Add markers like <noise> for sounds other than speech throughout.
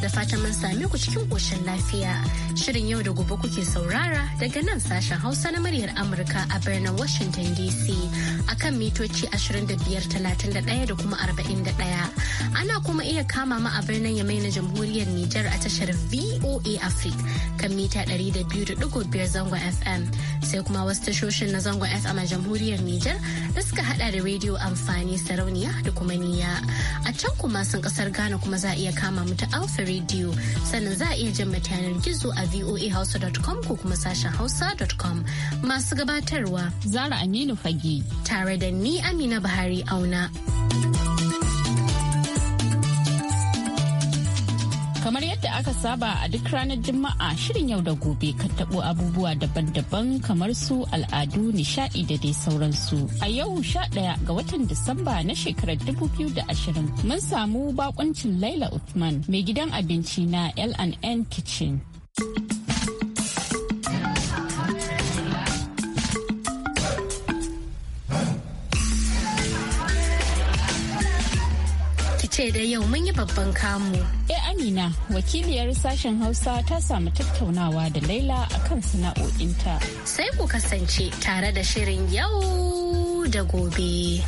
da fata mun same ku cikin ƙoshin lafiya. Shirin yau da gobe kuke saurara daga nan sashen Hausa na muryar Amurka a birnin Washington DC. a kan mitoci 2531 da kuma 41. Ana kuma iya kama ma a birnin Yamai na Jamhuriyar Nijar a tashar VOA Africa kan mita 200.5 zango FM. Sai kuma wasu tashoshin na zango FM a Jamhuriyar Nijar da suka hada da rediyo amfani sarauniya da kuma niya. A can kuma sun kasar Ghana kuma za a iya kama mu ta Alpha Radio sannan za a iya jan yanar gizo a voahausa.com ko kuma sashen hausa.com masu gabatarwa. Zara Aminu Fage. tare da ni Amina Buhari auna. Kamar yadda aka saba a duk ranar Juma'a shirin yau da gobe ka taɓo abubuwa daban-daban kamar su al'adu, nishaɗi da dai sauransu. A yau sha ɗaya ga watan Disamba na shekarar dubu biyu da ashirin mun samu bakoncin Laila Uthman mai gidan abinci na L&N Kitchen. ce da yau mun yi babban kamu. E Amina, wakiliyar sashen Hausa ta samu tattaunawa da Laila akan sana'o'inta. Sai ku kasance tare da shirin yau da gobe.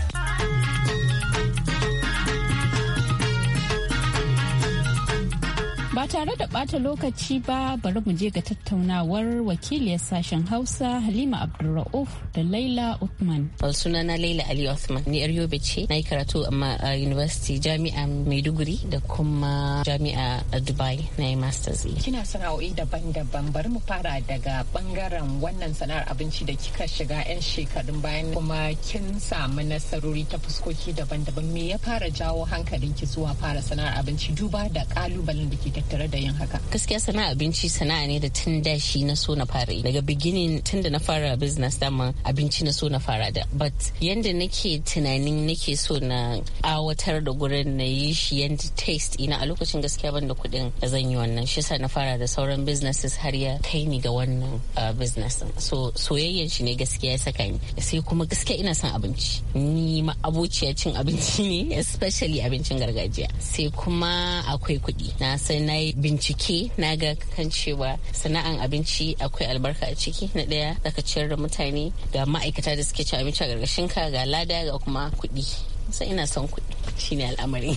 Ba tare da bata lokaci ba bari mu je ga tattaunawar wakiliyar sashen Hausa Halima Abdulra'uf da Laila Uthman. na Laila Ali Uthman ni yar Yobe ce na yi karatu a University Jami'a Maiduguri da kuma Jami'a a Dubai na yi Masters. Kina sana'o'i daban-daban bari mu fara daga bangaren wannan sana'ar abinci da kika shiga 'yan shekarun bayan kuma kin samu nasarori ta fuskoki daban-daban me ya fara jawo hankalin ki zuwa fara sana'ar abinci duba da kalubalen da ke tattare da yin haka gaskiya sana'a abinci sana'a ne da tun da shi na so na fara daga beginning tun da na fara business dama abinci na so na fara da but yanda nake tunanin nake so na awatar da gurin na yi shi yanda taste ina a lokacin gaskiya ban da kuɗin da zan yi wannan shi sa na fara da sauran businesses har ya kai ni ga wannan uh, business so soyayyen shi ne gaskiya ya saka ni sai kuma gaskiya ina son abinci ni ma abociya cin abinci <laughs> ne especially abincin gargajiya sai kuma akwai kuɗi na sai na yi bincike na ga kan cewa sana'an abinci akwai albarka a ciki na ɗaya zaka ciyar da mutane ga ma'aikata da suke cin abinci a gargashin ka ga lada ga kuma kuɗi sai ina son kuɗi shine al'amari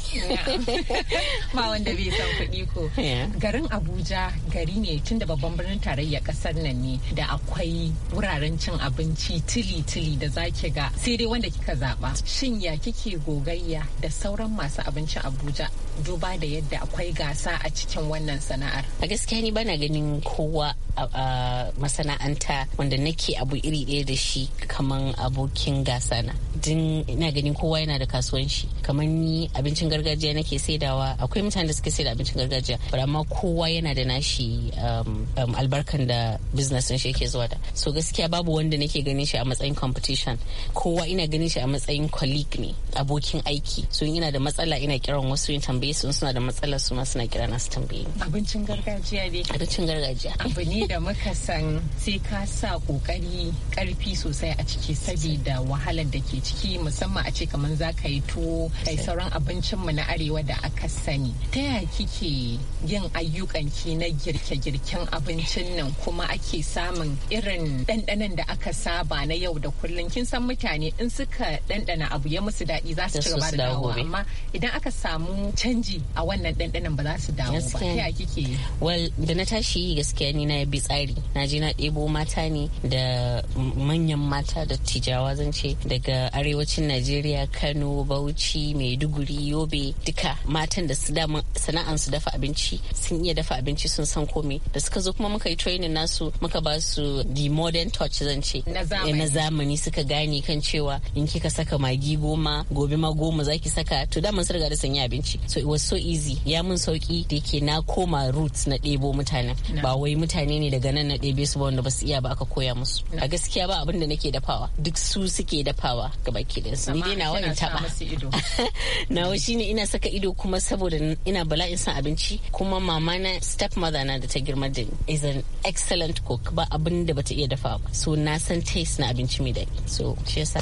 ma wanda bai son kuɗi ko garin abuja gari ne tun da babban birnin tarayyar ƙasar nan ne da akwai wuraren cin abinci tili-tili da zaki ga sai dai wanda kika zaɓa shin ya kike gogayya da sauran masu abinci abuja duba da yadda akwai gasa a cikin wannan sana'ar a gaskiya ni bana ganin kowa a masana'anta wanda nake abu iri ɗaya da shi kaman abokin gasa na din ina ganin kowa yana da da kasuwanci kamar ni abincin gargajiya nake saidawa akwai mutane da suke saida abincin gargajiya bari amma kowa yana da nashi um, um, albarkan da business din shi yake zuwa da so gaskiya babu wanda nake ganin shi a matsayin competition kowa ina ganin shi a matsayin colleague ne abokin aiki so ina da matsala ina kiran wasu in tambaye su suna da matsala su ma suna kira na su tambaye abincin gargajiya ne abincin gargajiya abu ne da muka san sai ka sa kokari karfi sosai a ciki saboda wahalar da ke ciki musamman a ce kamar za kaitu da sauran mu na arewa da aka sani ta ya kike yin ayyukan ki na girke-girken abincin nan kuma ake samun irin ɗanɗanan da aka saba na yau da kullum kin san mutane in suka dandana abu ya musu dadi za su ci gaba da dawo amma idan aka samu canji a wannan dandanan ba za su dawo ba ta ya kike well da na tashi gaskiya ni na bi tsari na je na ɗebo mata ne da manyan mata da tijawa zan ce daga arewacin najeriya kano Kano, Bauchi, Maiduguri, Yobe duka matan da su sana'an su dafa abinci sun iya dafa abinci sun san komai da suka zo kuma muka yi training nasu muka ba su the modern touch zan ce na eh, zamani suka gane kan cewa in kika saka magi goma gobe ma goma za ki saka to dama sun riga da sanya abinci so it was so easy ya mun sauki da yake na koma roots na ɗebo mutanen ba wai mutane ne daga nan na ɗebe su ba wanda ba su iya ba aka koya musu a gaskiya ba abin da nake dafawa duk su suke dafawa gaba baki ni dai na in sa masu ido <laughs> nawa shine ina saka ido kuma saboda ina bala'in son abinci kuma mama na stepmother na da ta girma da is an excellent cook ba abin da bata iya dafa ba so na san taste na abinci mai daɗi so shi yasa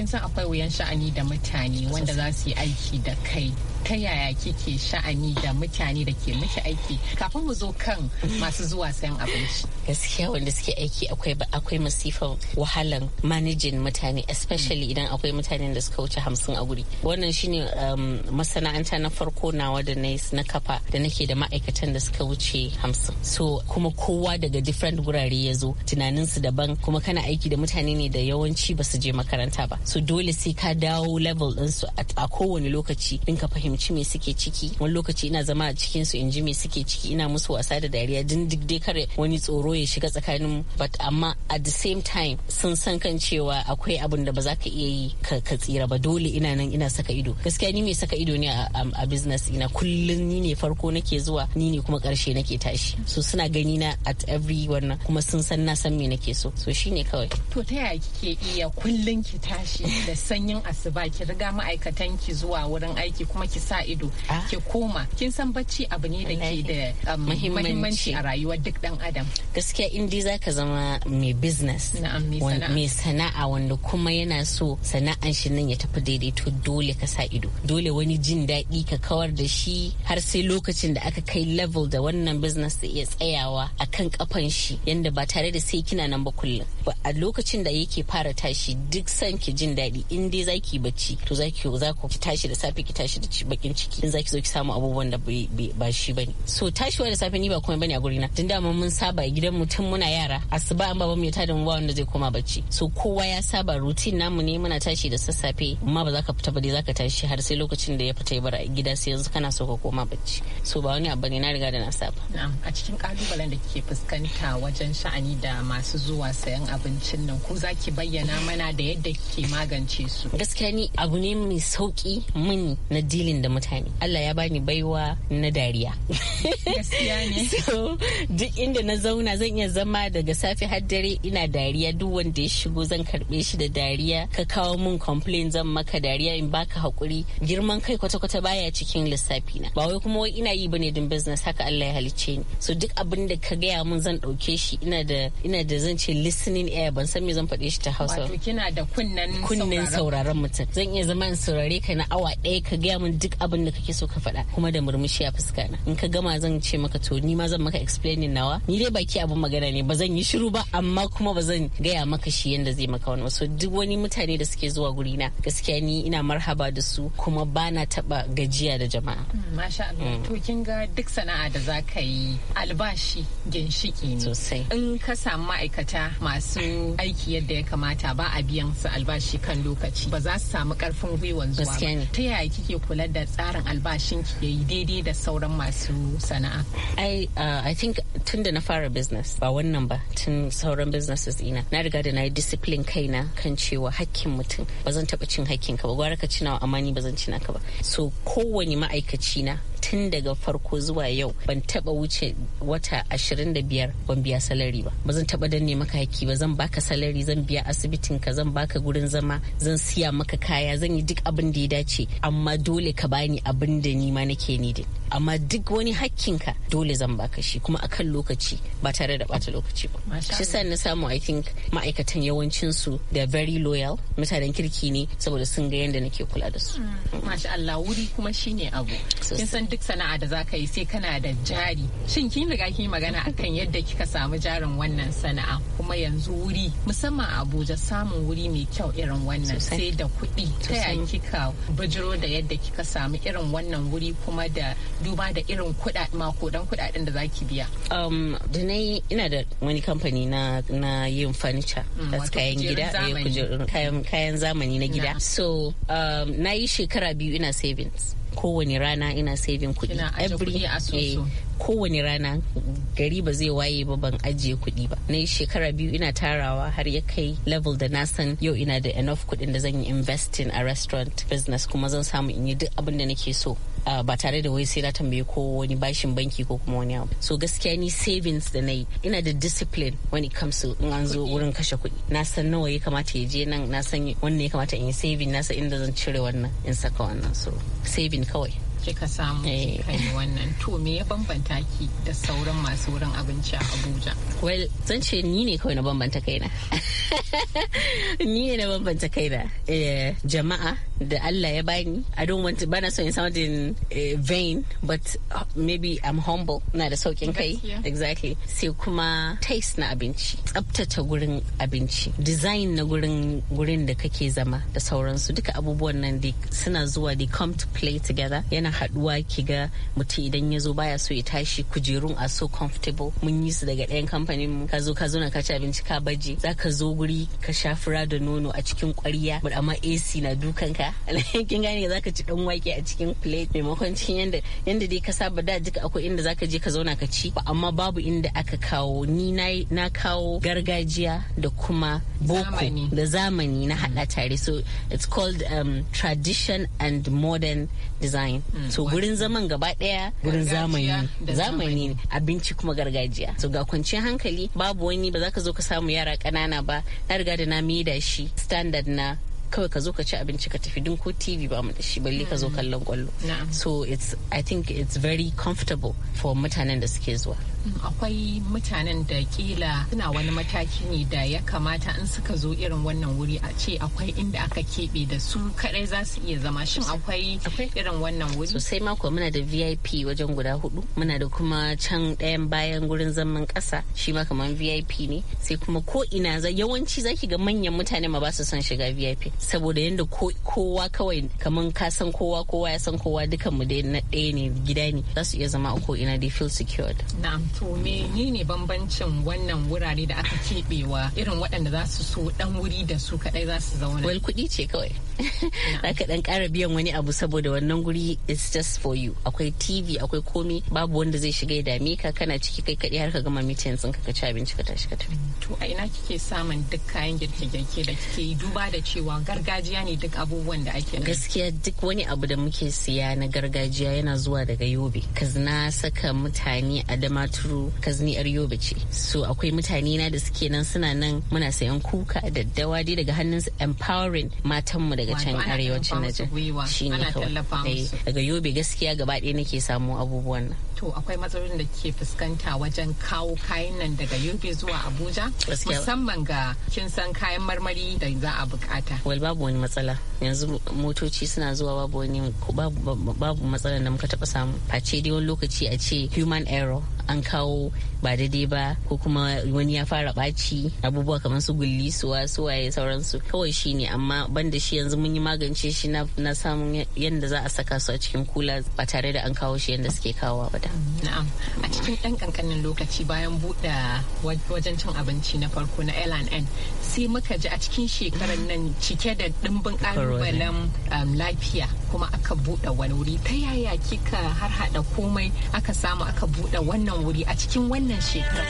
kin san akwai wuyan sha'ani da mutane wanda za su yi aiki da kai ta yaya kike sha'ani da mutane da ke miki aiki kafin mu zo kan masu zuwa sayan abinci gaskiya wanda suke aiki akwai akwai masifar wahalan managing mutane especially idan akwai mutane da suka wuce hamsin a guri wannan shine um, masana'anta na farko nawa da na kafa da nake da ma'aikatan da suka wuce hamsin so kuma kowa daga different wurare ya zo tunaninsu daban kuma kana aiki da mutane ne da yawanci ba su je makaranta ba su dole sai ka dawo level din su a kowane lokaci din ka fahimci me suke ciki wani lokaci ina zama a cikin su in ji me suke ciki ina musu wasa da dariya din duk dai kare wani tsoro ya shiga tsakanin but amma at the same time sun san kan cewa akwai abin da ba za ka iya yi ka tsira ba dole ina nan ina saka ido gaskiya ni me saka ido ne a business ina kullum ni ne farko nake zuwa ni ne kuma karshe nake tashi so suna gani na at every wannan kuma sun san na san me nake so so shine kawai to ta yaya kike iya kullun ki tashi tashi da sanyin asuba ki riga ma'aikatan ki zuwa wurin aiki kuma ki sa ido ah. ki koma kin san bacci abu ne da ke da um, muhimmanci a rayuwar duk dan adam gaskiya in dai zaka zama mai business mai sana'a wanda kuma yana so sana'an shi nan ya tafi daidai to dole ka sa ido dole wani jin daɗi ka kawar da shi har sai lokacin da aka kai level da wannan business da iya tsayawa a kan kafan shi yanda ba tare da sai kina nan ba kullum a lokacin da yake fara tashi duk san ki jin daɗi in dai za ki bacci to zaki za ku tashi da safe ki tashi da bakin ciki in za ki zo ki samu abubuwan da ba shi bane so tashiwa da safe ni ba komai bane a gurina tun da mun saba gidan mu tun muna yara asuba an baba mu ya tada mu ba wanda zai koma bacci so kowa ya saba routine namu ne muna tashi da sassafe amma ba za ka fita ba dai za ka tashi har sai lokacin da ya fita ya bar gida sai yanzu kana so ka koma bacci so ba wani abu ne na riga da na saba a cikin kalubalen da kike fuskanta wajen sha'ani da masu zuwa sayan abincin nan ko za ki bayyana mana da yadda ke. magance su gaskiya ni abu ne mai sauki mini na dilin da mutane Allah ya bani baiwa na dariya gaskiya ne <laughs> so duk inda na zauna zan iya zama daga safe har dare ina dariya duk wanda ya shigo zan karbe shi da dariya ka kawo mun complain zan maka dariya in baka hakuri girman kai kwata-kwata baya cikin lissafi na ba wai kuma wai ina yi bane din business haka Allah ya halicce ni so duk abin da ka gaya mun zan dauke shi ina da ina da zan ce listening air ban san me zan faɗe shi ta Hausa wato kina da kunnan kunnen sauraron mutum zan iya zama in saurare ka na awa ɗaya ka gaya min duk abin da kake so ka faɗa kuma da murmushi a fuska na in ka gama zan ce maka to ni ma zan maka explaining nawa ni dai baki abin magana ne ba zan yi shiru ba amma kuma ba zan gaya maka shi yanda zai maka wani so duk wani mutane da suke zuwa guri na gaskiya ni ina marhaba da su kuma bana taba gajiya da jama'a hmm, masha Allah hmm. to kin ga duk sana'a da za ka yi albashi ginshiki ne sosai in ka samu ma'aikata masu aiki yadda ya kamata ba a biyan su albashi shi kan lokaci ba za su samu karfin gwiwan zuwa ba ta yaya kike kula da tsarin albashin ki yayi daidai da sauran masu sana'a i uh, i think tun da na fara business ba wannan ba tun sauran businesses ina na riga da na yi discipline kaina kan cewa hakkin mutum ba zan taba cin hakkin ka ba gwara ka cinawa amma ni ba zan cina ka ba so kowane ma'aikaci na tun daga farko zuwa yau ban taba wuce wata ashirin da biyar ban biya salari ba ba zan taba danne maka haki ba zan baka salari zan biya asibitin ka zan baka gurin zama zan siya maka kaya zan yi duk abin da ya dace amma dole ka bani abin da ni ma nake ni din amma duk wani ka dole zan baka shi kuma akan lokaci ba tare da bata lokaci ba shi sa na samu i think ma'aikatan yawancin su da very loyal mutanen kirki ne saboda sun ga yadda nake kula da su hmm. masha Allah wuri kuma shine abu kin san sana'a da zaka yi sai kana da jari shin kin riga kin magana akan yadda kika samu jarin wannan sana'a kuma yanzu wuri musamman Abuja samun wuri mai kyau irin wannan sai da kuɗi ta yaya kika bijiro da yadda kika samu irin wannan wuri kuma da duba da irin kuɗaɗe makodan kuɗaɗen da zaki biya um da nayi ina da wani kamfani na na yin furniture mm, da kayan gida eh, kayan zamani na gida so um, na yi shekara biyu ina savings kowane rana ina saving kuɗi every kowane rana gari ba zai waye ba ban ajiye kuɗi ba na shekara biyu ina tarawa har ya kai level da na san yau ina da enough kuɗin da zan yi investing a restaurant business kuma zan samu in yi duk abin da nake so Uh, ba tare da wai sai na tambaye ko wani bashin banki ko kuma wani abu so gaskiya ni savings da na yi ina da discipline when it comes to in an zo wurin kashe kuɗi na san nawa ya kamata ya je nan na san wannan ya kamata in yi saving na san inda zan cire wannan in saka wannan so saving kawai kika samu eh. kika yi wannan to me ya bambanta ki da sauran masu wurin abinci a Abuja well zan ce ni ne kawai na bambanta kaina <laughs> ni ne na bambanta kaina eh, jama'a da Allah ya bani I don't want to bana so in sounding eh, vain but uh, maybe I'm humble na da saukin kai exactly sai kuma taste na abinci tsabtace gurin abinci design na gurin gurin da kake zama da sauransu duka abubuwan nan suna zuwa they come to play together yana na haduwa ki ga mutum idan ya zo baya so ya tashi kujerun a so comfortable mun yi su daga ɗayan kamfanin mu ka zo ka zo na ka ci abinci ka baje za ka zo guri ka sha fura da nono a cikin ƙwarya but amma AC na dukan ka <laughs> kin gane za ka ci dan wake a cikin plate maimakon cikin yanda yanda dai ka saba da duka akwai inda za ka je ka zauna ka ci amma babu inda aka kawo ni na kawo gargajiya da kuma boko da zamani na hada tare so it's called um, tradition and modern design mm. Mm. so gurin zaman gaba daya gurin zamani zamani ne abinci kuma gargajiya so ga kwanciyar hankali babu wani ba za ka zo ka samu yara ƙanana ba na riga da na da shi standard na kawai ka zo ka ci abinci ka tafi dun ko tv ba mu da shi balle ka zo mm. kallon kwallo so it's i think it's very comfortable for mutanen da suke zuwa akwai mutanen da kila suna wani mataki ne da ya kamata in suka zo irin wannan wuri a ce akwai inda aka keɓe da su kadai za su iya zama shin akwai irin wannan wuri sosai mako muna da vip wajen guda hudu muna da kuma can ɗayan bayan gurin zaman ƙasa shi ma kamar vip ne sai kuma ko ina yawanci zaki ga manyan mutane ma ba su son shiga vip saboda yadda kowa kawai kamar ka san kowa kowa ya san kowa dukan mu dai na ɗaya ne gida ne za su iya zama a ko ina dai feel secured to ne bambancin wannan wurare da aka keɓewa irin waɗanda za su so ɗan wuri da su kaɗai za su zauna wal kuɗi ce kawai <laughs> ka ɗan ƙara biyan wani abu saboda wannan guri is just for you akwai tv akwai komi babu wanda zai shiga ya dame ka kana ciki kai kaɗai har ka gama mitin sun ka ci abinci ka tashi ka tafi to a ina kike samun duk kayan girke-girke da kike yi duba da cewa gargajiya ne duk abubuwan da ake gaskiya duk wani abu da muke siya na gargajiya yana zuwa daga yobe kazna saka mutane a damatu through kazniyar yobe ce so akwai mutane na da suke nan suna nan muna sayan kuka daddawa dai daga hannun empowering matanmu daga can arewacin Najeriya shine kawai eh, daga yobe gaskiya gaba ɗaya nake samu abubuwan nan to akwai matsalolin da ke fuskanta wajen kawo kayan nan daga yobe zuwa abuja musamman ga kin san kayan marmari da za a bukata wal babu wani matsala yanzu motoci suna zuwa babu wani babu matsala da muka taba samu face dai wani lokaci a ce human error an kawo ba daidai ba ko kuma wani ya fara ɓaci abubuwa kamar su gulli su waye sauransu kawai shi ne amma banda shi yanzu mun yi magance shi na samun yadda za a saka su a cikin kula ba tare da an kawo shi yadda suke kawo ba da na'am a cikin ɗan ƙanƙanin lokaci bayan buɗe wajen cin abinci na farko na L&N sai muka ji a cikin shekarar nan cike da ɗimbin ƙalubalen um, lafiya kuma aka buɗe wani wuri ta yaya kika har haɗa komai aka samu aka buɗe wannan wuri a cikin wannan shekarar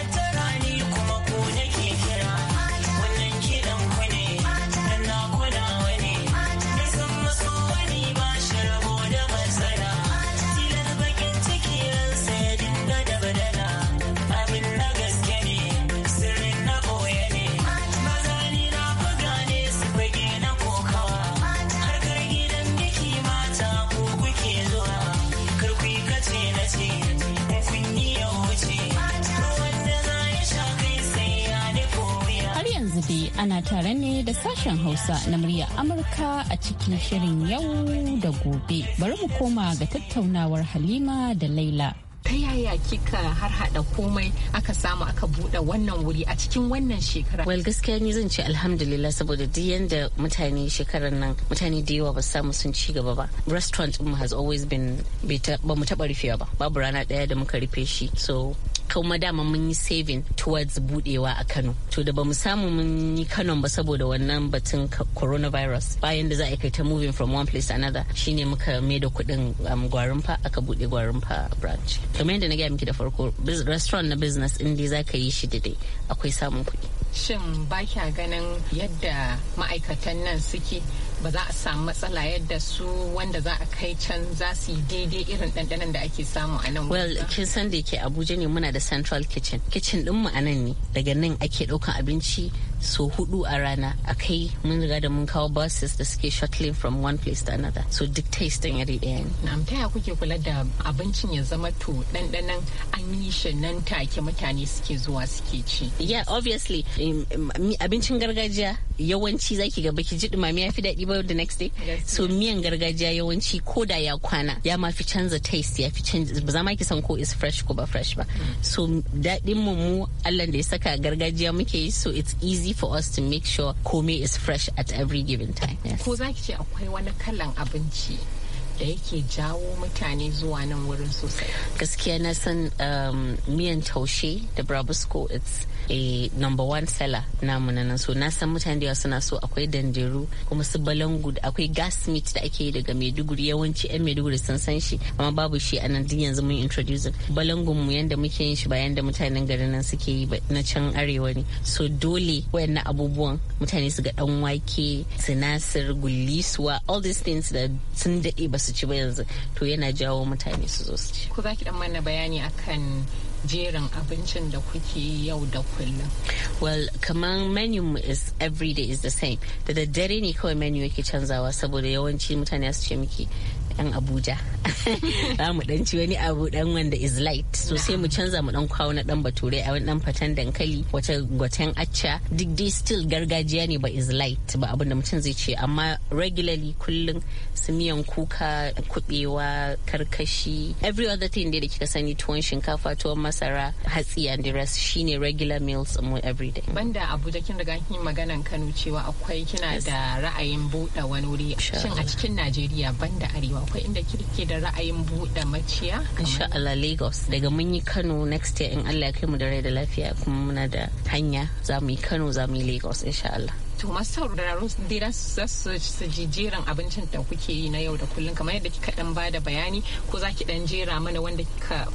ana tare ne da sashen Hausa na murya Amurka a cikin shirin yau da gobe. Bari mu koma ga tattaunawar Halima da Laila. ta yaya kika har hada komai aka samu aka bude wannan wuri a cikin wannan shekara well gaskiya ni zan ce alhamdulillah saboda duk yanda mutane shekarar nan mutane da yawa ba samu sun ci gaba ba restaurant din has always been ba mu taba rufewa ba babu rana daya da muka rufe shi so kuma dama mun yi saving towards budewa a Kano to da bamu samu mun yi Kano ba saboda wannan batun coronavirus bayan da za a kai ta moving from one place to another shine muka mai da kuɗin um, fa aka bude fa branch kamar yadda na gaya miki da farko restaurant na business in dai zaka yi shi dai akwai samun kuɗi shin ba ganin yadda ma'aikatan nan suke ba za a samu matsala yadda su wanda za a kai can za su yi daidai irin ɗanɗanon da ake samu a nan well kin san da yake abuja ne muna da central kitchen kitchen din mu a nan ne daga nan ake ɗaukan abinci so hudu a rana a kai mun riga da mun kawo buses da suke shuttling from one place to another so duk taste din iri ɗaya ne na'am kuke kula da abincin ya zama to ɗanɗanon an yi shi nan take mutane suke zuwa suke ci yeah obviously abincin gargajiya yawanci zaki ga baki ji dumame ya fi daɗi ba the next day so miyan gargajiya yawanci ko da ya kwana ya ma fi canza taste ya fi canza ba za ma ki san ko is fresh ko ba fresh ba mm. so daɗin mu mu Allah da ya saka gargajiya muke yi so it's easy for us to make sure komai is fresh at every given time ko za ki ce akwai wani kalan abinci da yake jawo mutane zuwa nan wurin sosai gaskiya na san um, miyan taushe da brabusco it's number one seller namu na nan so na san mutane da suna so akwai danderu kuma su balangu akwai gas meat da ake yi daga maiduguri yawanci yan maiduguri sun san shi amma babu shi a nan duk yanzu mun introduce balangun mu yanda muke yin shi ba yanda mutanen garin nan suke yi na can arewa ne so dole wayannan abubuwan mutane su ga dan wake sinasir gulliswa all these things da sun dade ba su ci ba yanzu to yana jawo mutane su zo su ci ko zaki dan mana bayani akan jerin abincin da kuke yau da kullum? Well, kamar menu is every day is the same. Da daddare ne kawai menu yake canzawa saboda yawanci mutane su ce miki dan abuja <laughs> za mu dan ci wani abu dan wanda is light so sai mu canza mu dan kawo na dan bature a wani dan fatan dankali wata gwaten acca duk dai still gargajiya ne ba is light ba abin da mutum zai ce amma regularly kullum su miyan kuka kubewa karkashi every other thing dai da kika sani tuwon shinkafa tuwon masara hatsi and the rest shine regular meals mu every day banda abuja kin riga kin maganan Kano cewa akwai kina da ra'ayin buɗe wani wuri shin a cikin Najeriya banda arewa akwai inda kirki da ra'ayin buɗe maciya insha Allah Lagos daga mun yi Kano next year in Allah ya kai mu da rai da lafiya kuma muna da hanya za mu yi Kano za mu yi Lagos insha Allah to masu sauraro da za su ji jerin abincin da kuke yi na yau da kullum kamar yadda kika dan bada bayani ko za ki dan jera mana wanda kika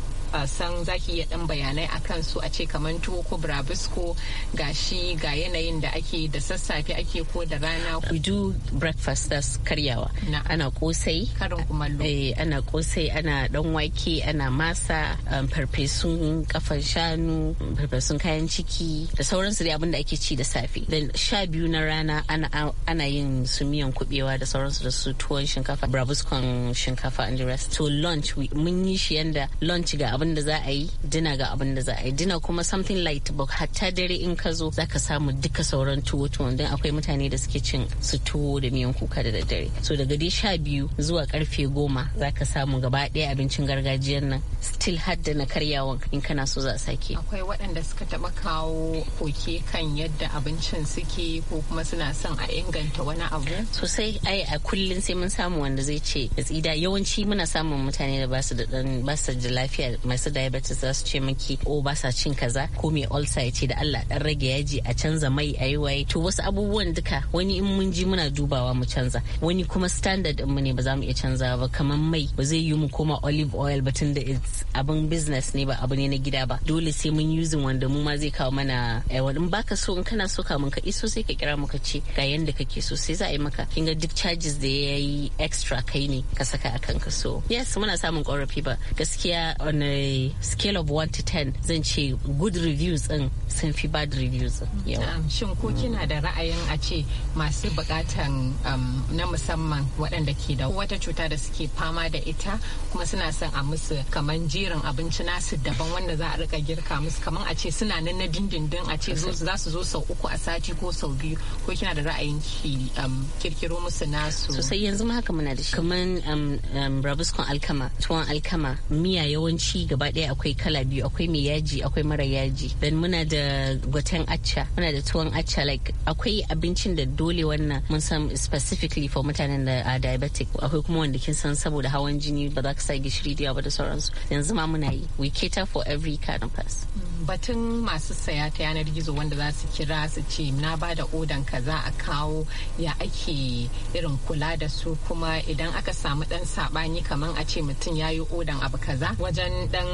san zaki iya dan bayanai akan su a ce kamar tuwo ko burabusko gashi ga yanayin da ake da sassafe ake ko da rana we do breakfast that's karyawa ana kosai karin kumallo eh ana kosai ana dan wake ana masa um, farfesun kafan shanu farfesun kayan ciki da sauransu su abin da ake ci da safe da sha biyu na rana ana yin su miyan kubewa da sauransu da su tuwon shinkafa burabuskon shinkafa and the rest to lunch mun yi shi yanda lunch ga abin abin da za a yi dina ga abin da za a yi dina kuma something light book hatta dare in ka zo zaka samu duka sauran tuwo tuwon don akwai mutane da suke cin su tuwo da miyan kuka da daddare so daga dai sha biyu zuwa karfe goma zaka samu gaba ɗaya abincin gargajiyan nan still da na karyawan in kana so za a sake akwai waɗanda suka taɓa kawo koke kan yadda abincin suke ko kuma suna son a inganta wani abu sosai ai a kullum sai mun samu wanda zai ce da tsida yawanci muna samun mutane da su da dan basu da lafiya masu diabetes za su ce maki o ba sa cin kaza ko mai ulcer ya ce da Allah dan rage yaji a canza mai ayi waye to wasu abubuwan duka wani in mun ji muna dubawa mu canza wani kuma standard din mu ne ba za mu iya canza ba kamar mai ba zai yi mu koma olive oil ba tunda it's abin business ne ba abu ne na gida ba dole sai mun using wanda mu ma zai kawo mana eh in baka so in kana so kamun ka iso sai ka kira mu ka ce ga yanda kake so sai za a yi maka kin ga duk charges da yayi extra kai ne ka saka akan ka so yes muna samun korafi ba gaskiya on a scale of 1 to 10 zan ce good reviews din sun fi bad reviews din shin ko kina da ra'ayin a ce masu bukatan um, na musamman waɗanda ke da wata cuta da suke fama da ita kuma suna son a musu kaman jirin abinci nasu daban wanda za a rika girka musu kaman a ce suna nan na dindindin a ce za su zo sau uku a sati ko sau biyu ko kina da ra'ayin ki um, kirkiro musu nasu sosai yanzu ma haka muna da shi kaman um, rabuskon alkama tuwon alkama miya yawanci gaba ɗaya akwai kala biyu akwai mai yaji akwai mara yaji dan muna da gwaten acca muna da tuwon acca like akwai abincin da dole wannan mun san specifically for mutanen da a diabetic akwai kuma wanda kin san saboda hawan jini ba za ka sa gishiri da ba da sauransu yanzu ma muna yi we cater for every kind of person batun masu saya ta yanar gizo wanda za su kira su ce na ba da odan kaza a kawo ya ake irin kula da su kuma idan aka samu dan sabani kamar a ce mutum ya yi odan abu kaza wajen dan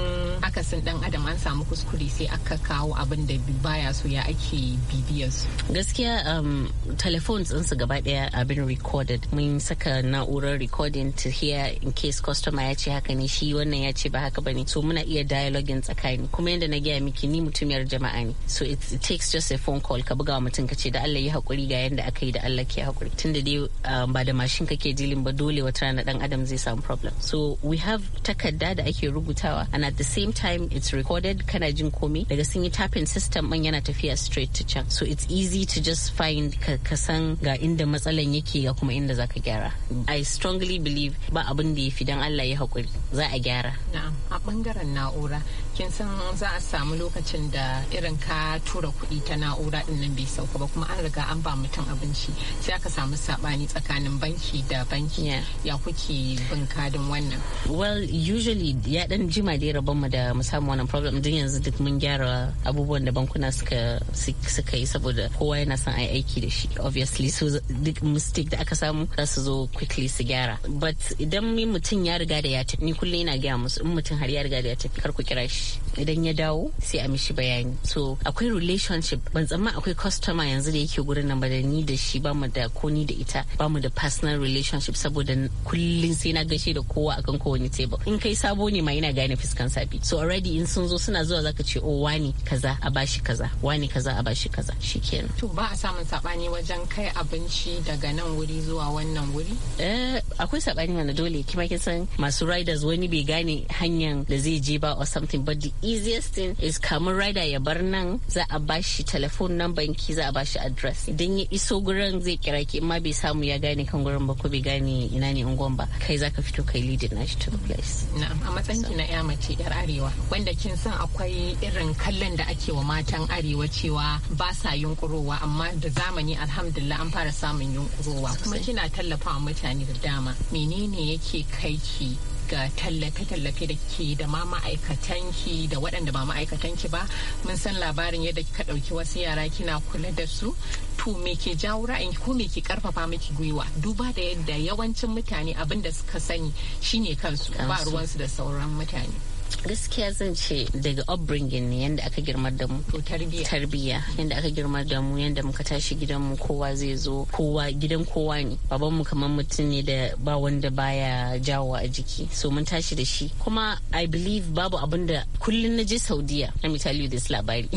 akasin dan adam an samu kuskure sai aka kawo abin da baya so ya ake bidiyar su gaskiya um, telephones din su gaba daya abin recorded mun saka na'urar recording to hear in case customer ya ce haka ne shi wannan ya ce ba haka bane so muna iya dialogin tsakani kuma yadda na gaya miki ni mutumiyar jama'a ne so it, it takes just a phone call ka buga wa mutum ka ce da Allah ya hakuri ga yanda aka yi da Allah ke hakuri tunda dai um, ba da mashin kake dilin ba dole wata rana dan adam zai samu problem so we have takarda da ake rubutawa and at the same time it's recorded kana jin komai daga sun yi tapping system man yana tafiya straight to can so it's easy to just find ka san ga inda matsalan yake ga kuma inda zaka gyara i strongly believe ba abin da ya fi dan Allah ya hakuri za a gyara na'am a bangaren na'ura cikin san za a samu lokacin da irin ka tura kuɗi ta na'ura din nan bai sauka ba kuma an riga an ba mutum abinci sai aka samu sabani tsakanin banki da banki ya kuke bin kadin wannan well usually ya dan jima da rabon mu da mu samu wannan problem din yanzu duk mun gyara abubuwan da bankuna suka suka yi saboda kowa yana son ai aiki da shi obviously so duk mistake da aka samu za su zo quickly su gyara but idan mutum ya riga da ya tafi ni kullum ina gaya musu in mutum har ya riga da ya tafi kar ku kira shi idan ya dawo sai a mishi bayani so akwai relationship ban tsamma akwai customer yanzu da yake gurin nan da ni da shi bamu da ko ni da ita bamu da personal relationship saboda kullun sai na gaishe da kowa akan kowane table in kai sabo ne ma ina gane fuskan sabi so already in sun zo suna zuwa zaka ce oh wani kaza a bashi kaza wani kaza a bashi kaza shikenan to ba a samun sabani wajen kai abinci daga nan wuri zuwa wannan wuri eh akwai sabani wanda dole kima kin san masu riders wani bai gane hanyar da zai je ba or something but the easiest thing is kamun rider ya bar nan za a bashi telephone number ki za a bashi address idan ya iso gurin zai kira ki ma bai samu ya gane kan gurin ba ko bai gane ina ne ungon ba kai za ka fito kai lead na shi to the place na'am a matsayin na ya mace yar arewa wanda kin san akwai irin kallon da ake wa matan arewa cewa ba sa yunkurowa amma da zamani alhamdulillah an fara samun yunkurowa kuma kina tallafawa mutane da dama menene yake kai ki ga tallafe-tallafe da ke da ma ma'aikatan ki da waɗanda ba ma'aikatanki ba mun san labarin yadda kika ɗauki wasu yara kina kula da su to me ke jawo ra'ayin ko me ke karfafa miki gwiwa duba da yadda yawancin mutane abin da suka sani shine kansu ba ruwansu da sauran mutane gaskiya zan ce daga upbringing ne yadda aka girma da mu tarbiya yadda aka girmar da mu yadda muka tashi gidan mu kowa zai zo kowa gidan kowa ne baban mu kamar mutum ne da ba wanda baya jawo a jiki so mun tashi da shi kuma i believe babu abin da kullun na je saudiya let me tell you this labari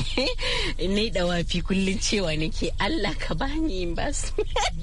<laughs> ne dawafi kullun cewa nake Allah ka bani in ba su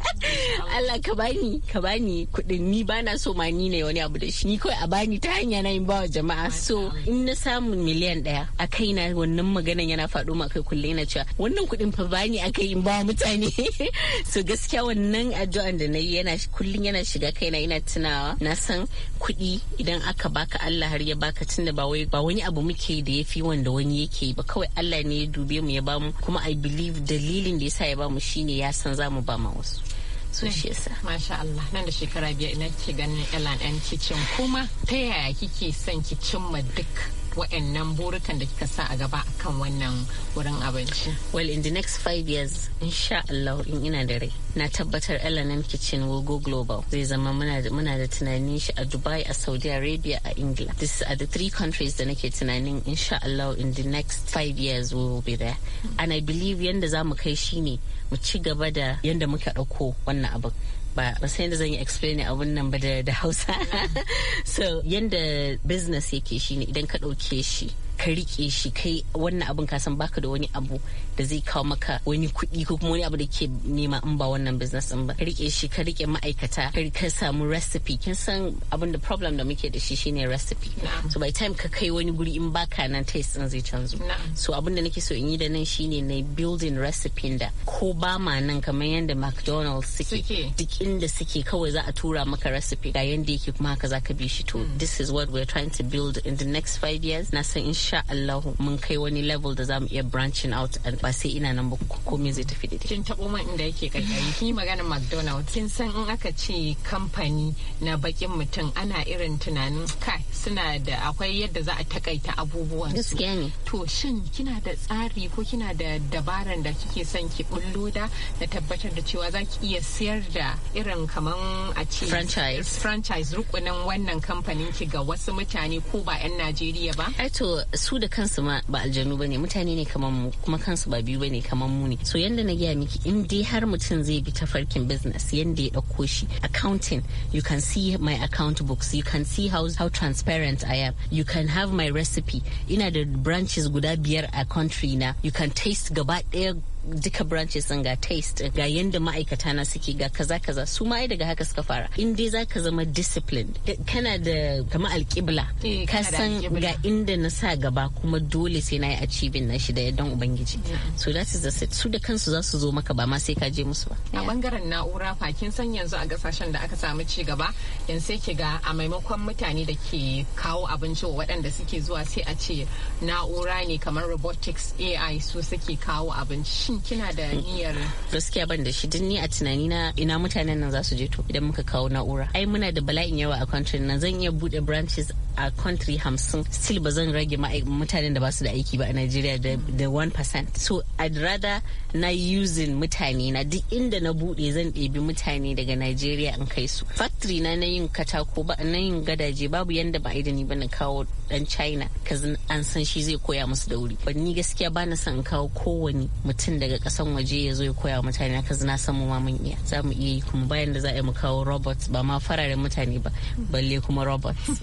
<laughs> Allah ka bani ka bani kudin ni bana so ma ni ne wani abu da shi ni kawai a bani ta hanya na in bawa jama'a so in na samu miliyan ɗaya a kaina wannan maganan yana faɗo ma kai kulle na cewa wannan kuɗin fa bani a kai in ba mutane <laughs> so gaskiya wannan addu'an da na yi yana kullum yana shiga kaina ina tunawa na san kuɗi idan aka baka Allah har ya baka tunda ba wai ba wani abu muke da yafi wanda wani yake ba kawai Allah ne ya dube mu ya bamu kuma I believe dalilin da yasa ya bamu shine ya san zamu ba ma wasu so shi yasa masha Allah nan da shekara biyar ina ke ganin Elan kicin kuma ta yaya kike son ki cimma duk Waɗannan burukan da kika sa a gaba akan wannan wurin abinci? Well, in the next five years, insha Allah in ina da rai, na tabbatar LNM Kitchen will go global. Zai zama muna da tunanin shi a Dubai, a Saudi Arabia, a Ingila. This are the three countries da nake tunanin insha Allah in the next five years we will be there. And I believe yanda za mu kai shi ne mu ci gaba da yanda muke ɗauko wannan abin. ba ba sai da zan yi explain abun nan ba da Hausa <laughs> so yanda business yake shi ne idan ka ɗauke shi ka rike shi kai wannan abin kasan baka da wani abu da zai kawo maka wani kuɗi ko kuma wani abu da ke nema in ba wannan business din ba ka rike shi ka rike ma'aikata ka samu recipe kin san abin da problem da muke da shi shine recipe so by time ka kai wani guri in baka nan taste din zai canzo so abin da nake so in yi da nan shine na building recipe da ko ba ma nan kamar yadda McDonald's suke duk inda suke kawai za a tura maka recipe ga yanda yake kuma haka zaka bi shi to mm. this is what are trying to build in the next five years na san insha insha Allah mun kai wani level da zamu iya branching out and ba sai ina nan ba komai zai tafi ita. kin tabo mun inda yake kai ki magana McDonald's kin san in aka ce kamfani na bakin mutum ana irin tunanin kai suna da akwai yadda za a takaita abubuwan gaskiya to shin kina da tsari ko kina da dabaran da kike son ki bullo da da tabbatar da cewa zaki iya siyar da irin kaman a ce franchise franchise rukunin wannan kamfanin ki ga wasu mutane ko ba 'yan Najeriya ba? Aito su da kansu ma ba aljanu bane mutane ne kamar mu kuma kansu ba biyu bane kamar mu ne so yanda na gaya miki in dai har mutum zai bi tafarkin business yanda ya dauko shi accounting you can see my account books you can see how how transparent I am you can have my recipe ina da branches guda biyar a country na you can taste gaba daya duka branches sun ga taste ga yadda ma'aikata na suke ga kaza kaza su ma daga haka suka fara in dai zaka zama disciplined eh, kana da kama alkibla eh, ka san ga inda na sa gaba kuma dole sai na yi achieving na shi da yadda ubangiji so that is the set su da kansu za su zo maka ba ma sai ka je musu ba a bangaren na'ura fa kin san yanzu a kasashen da aka samu ci gaba yanzu sai ki ga a maimakon mutane da ke kawo abinci wa waɗanda suke zuwa sai a ce na'ura ne kamar robotics AI su suke kawo abinci shin kina da niyyar gaskiya ban da shi duk ni a tunani na ina mutanen nan za su je to idan muka kawo na'ura ai muna da bala'in yawa a country nan zan iya bude branches a country hamsin still ba zan rage mutanen da ba su da aiki ba a nigeria da 1%. So I'd rather na using mutane na duk inda na bude zan ɗebi mutane daga nigeria in kai su. Factory na na yin katako ba na yin gadaje babu yanda ba da ni bana kawo dan China kazan an san shi zai koya musu da wuri. ban ni gaskiya ba na son kawo kowani mutum daga kasan waje ya zo ya koya wa mutane haka na san mu ma mun iya za mu iya yi kuma bayan da za a yi mu kawo robots ba ma fararen mutane ba balle kuma robots <laughs>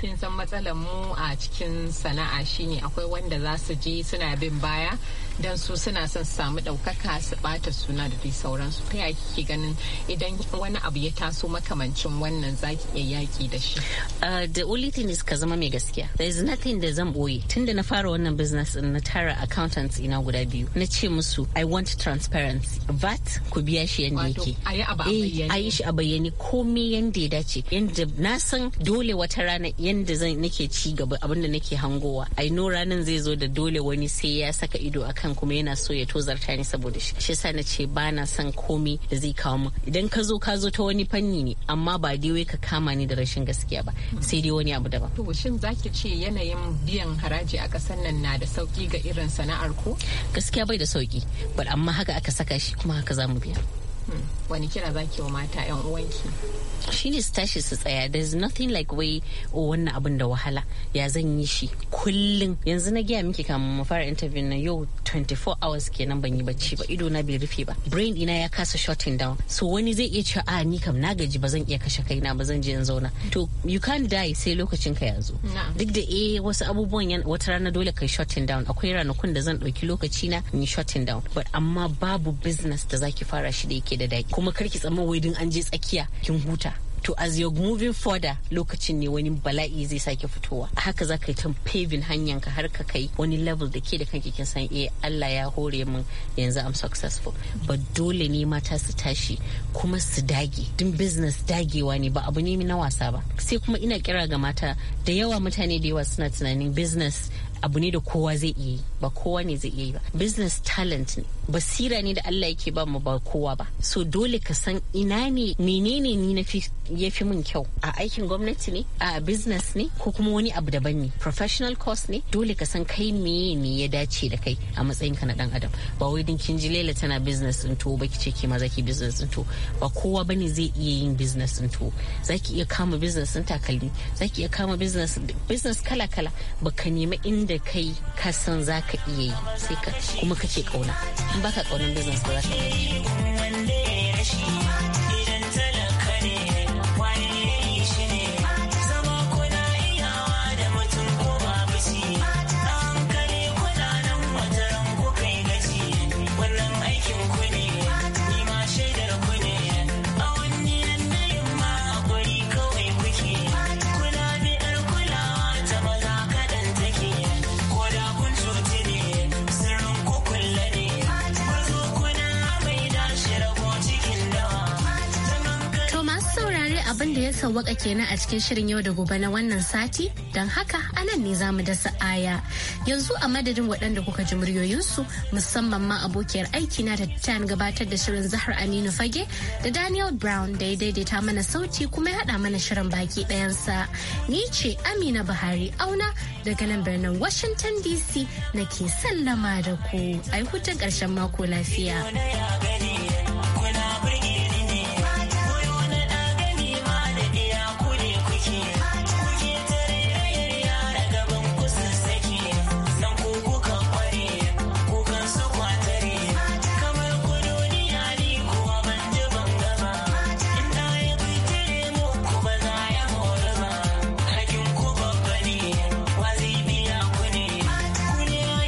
kin san matsalar mu a cikin sana'a shine akwai wanda za su je suna bin baya don su suna son samu ɗaukaka su bata suna da dai sauransu ta yaki kike ganin idan wani abu ya taso makamancin wannan zaki iya yaki da shi uh, the only thing is ka zama mai gaskiya there is nothing da zan boye tunda na fara wannan business na tara accountants ina guda biyu na ce musu i want transparency vat ku biya shi yanda yake eh, a yi shi a bayyane komai yanda ya dace yanda na san dole wata rana yanda zan nake ci gaba abinda nake hangowa i know ranan zai zo da dole wani sai ya saka ido akan kuma yana so ya tozarta ni saboda shi shi yasa na ce ba na son komai da zai kawo mu idan ka zo ka zo ta wani fanni ne amma ba dai wai ka kama ni da rashin gaskiya ba sai dai wani abu daban to shin zaki ce yanayin biyan haraji a kasar nan na da sauki ga irin sana'ar ko gaskiya bai da sauki ba amma haka aka saka shi kuma haka za biya hmm. wani kira zaki wa mata yan uwanki shi ne su tashi su tsaya there's nothing like way o oh, wannan abin da wahala ya zan yi shi kullum yanzu na gaya miki kamar mu fara interview na yau 24 hours kenan ban yi bacci ba ido na bai rufe ba brain ina ya kasa shutting down so wani zai iya cewa a ni kam na gaji ba zan iya kashe kai na ba zan je in zauna to you can't die sai lokacin ka ya zo duk da eh wasu abubuwan wata rana dole kai shutting down akwai ranakun da zan ɗauki lokaci na in yi shutting down but amma babu business da zaki fara shi da yake da daki kuma karki tsamman wai din an je tsakiya kin huta to as you're moving further lokacin ne wani bala'i zai sake fitowa haka za ka yi tan paving hanyar ka har ka kai wani level da ke da kanki kin san eh Allah ya hore min yanzu am successful ba dole ne mata su tashi kuma su dage din business dagewa ne ba abu ne na wasa ba sai kuma ina kira ga mata da yawa mutane da yawa suna tunanin business abu ne da kowa zai iya yi ba kowa ne zai iya yi ba business talent ne basira ne da Allah yake ba mu ba kowa ba so dole ka san ina ne menene ni na ya fi min kyau a aikin gwamnati ne a business ne ko kuma wani abu daban ne professional course ne dole ka san kai meye ne ya dace da kai a matsayin ka na dan adam ba wai din kin ji lela tana business din to ba kice ki ma zaki business din to ba kowa bane zai iya yin business din to zaki iya kama business din takalmi zaki iya kama business business kala kala baka nemi inda kai ka san zaka iya yi sai ka kuma kake kauna baka kaunan business ba za ka yi abin da ya sauwaka kenan a cikin shirin yau da gobe na wannan sati don haka anan ne zamu dasa aya yanzu a madadin waɗanda kuka ji muryoyinsu musamman ma abokiyar aiki na da gabatar da shirin zahar aminu fage da daniel brown da ya daidaita mana sauti kuma ya haɗa mana shirin baki ɗayansa ni ce amina buhari auna daga nan birnin washington dc na ke sallama da ku ai hutun ƙarshen mako lafiya.